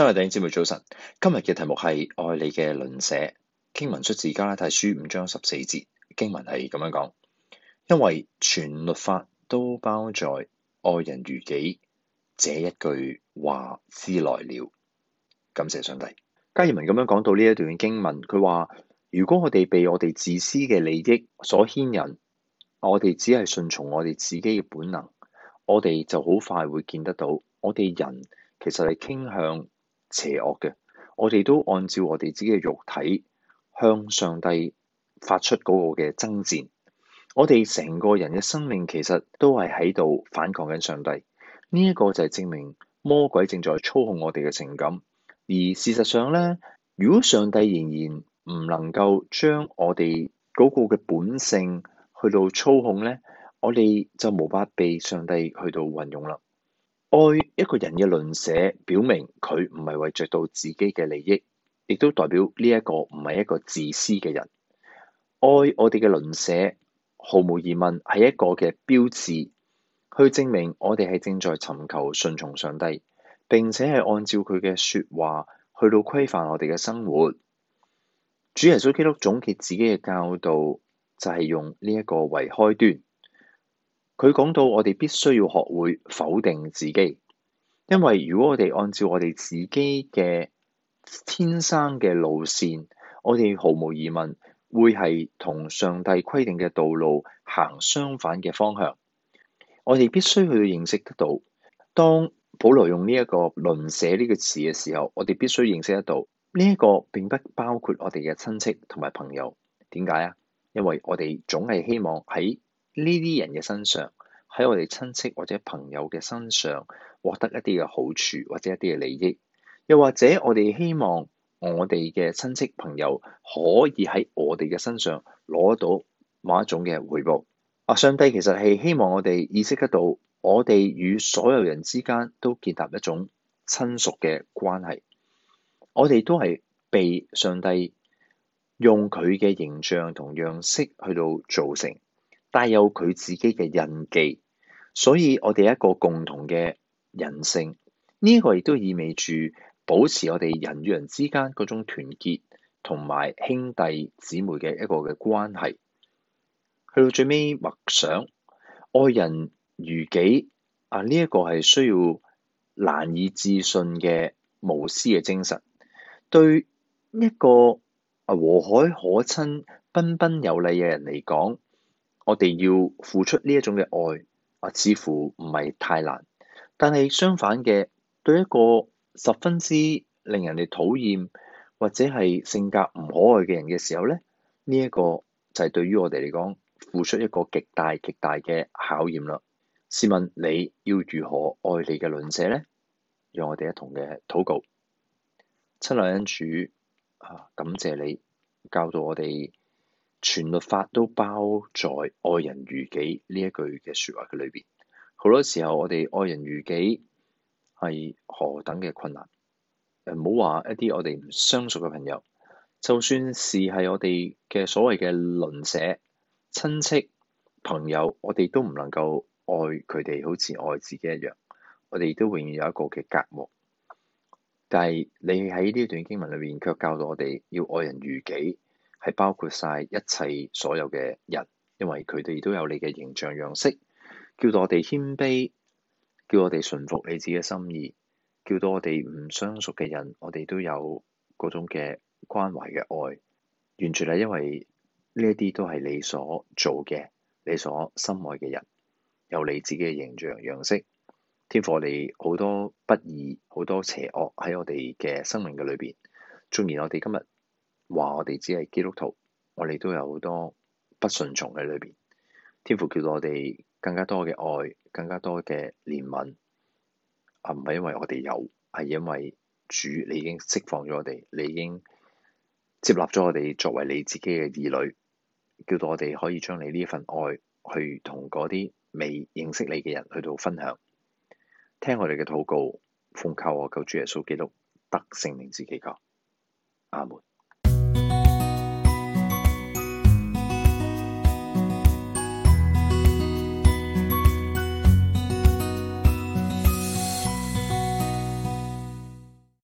今日電節目早晨，今日嘅題目係愛你嘅鄰舍。經文出自《加拉太書》五章十四節，經文係咁樣講：因為全律法都包在“愛人如己”這一句話之內了。感謝上帝。加爾文咁樣講到呢一段經文，佢話：如果我哋被我哋自私嘅利益所牽引，我哋只係順從我哋自己嘅本能，我哋就好快會見得到，我哋人其實係傾向。邪惡嘅，我哋都按照我哋自己嘅肉體向上帝發出嗰個嘅爭戰，我哋成個人嘅生命其實都係喺度反抗緊上帝。呢一個就係證明魔鬼正在操控我哋嘅情感。而事實上咧，如果上帝仍然唔能夠將我哋嗰個嘅本性去到操控咧，我哋就無法被上帝去到運用啦。愛一個人嘅鄰舍，表明佢唔係為着到自己嘅利益，亦都代表呢一個唔係一個自私嘅人。愛我哋嘅鄰舍，毫無疑問係一個嘅標誌，去證明我哋係正在尋求順從上帝，並且係按照佢嘅說話去到規範我哋嘅生活。主耶穌基督總結自己嘅教導，就係用呢一個為開端。佢講到我哋必須要學會否定自己，因為如果我哋按照我哋自己嘅天生嘅路線，我哋毫無疑問會係同上帝規定嘅道路行相反嘅方向。我哋必須去認識得到，當保羅用呢、這、一個鄰舍呢個詞嘅時候，我哋必須認識得到呢一、這個並不包括我哋嘅親戚同埋朋友。點解啊？因為我哋總係希望喺呢啲人嘅身上，喺我哋親戚或者朋友嘅身上，獲得一啲嘅好處或者一啲嘅利益，又或者我哋希望我哋嘅親戚朋友可以喺我哋嘅身上攞到某一種嘅回報。啊，上帝其實係希望我哋意識得到，我哋與所有人之間都建立一種親屬嘅關係。我哋都係被上帝用佢嘅形象同樣式去到造成。帶有佢自己嘅印記，所以我哋一個共同嘅人性，呢個亦都意味住保持我哋人與人之間嗰種團結同埋兄弟姊妹嘅一個嘅關係。去到最尾默想愛人如己啊，呢一個係需要難以置信嘅無私嘅精神。對一個啊和藹可親、彬彬有禮嘅人嚟講。我哋要付出呢一種嘅愛，啊，似乎唔係太難。但係相反嘅，對一個十分之令人哋討厭或者係性格唔可愛嘅人嘅時候咧，呢、這、一個就係對於我哋嚟講，付出一個極大極大嘅考驗啦。試問你要如何愛你嘅鄰舍咧？讓我哋一同嘅禱告，親愛嘅主，啊，感謝你教導我哋。全律法都包在愛人如己呢一句嘅説話嘅裏邊。好多時候，我哋愛人如己係何等嘅困難？唔好話一啲我哋唔相熟嘅朋友，就算是係我哋嘅所謂嘅鄰舍、親戚、朋友，我哋都唔能夠愛佢哋好似愛自己一樣。我哋都永遠有一個嘅隔膜。但係你喺呢段經文裏面，卻教導我哋要愛人如己。係包括晒一切所有嘅人，因為佢哋都有你嘅形象樣式，叫到我哋謙卑，叫我哋順服你自己嘅心意，叫到我哋唔相熟嘅人，我哋都有嗰種嘅關懷嘅愛，完全係因為呢一啲都係你所做嘅，你所心愛嘅人，有你自己嘅形象樣式，天父，我哋好多不義，好多邪惡喺我哋嘅生命嘅裏邊，縱然我哋今日。話我哋只係基督徒，我哋都有好多不順從喺裏邊。天父叫到我哋更加多嘅愛，更加多嘅憐憫。啊，唔係因為我哋有，係因為主你已經釋放咗我哋，你已經接納咗我哋作為你自己嘅兒女，叫到我哋可以將你呢份愛去同嗰啲未認識你嘅人去到分享。聽我哋嘅禱告，奉靠我救主耶穌基督得聖靈自己樂。阿門。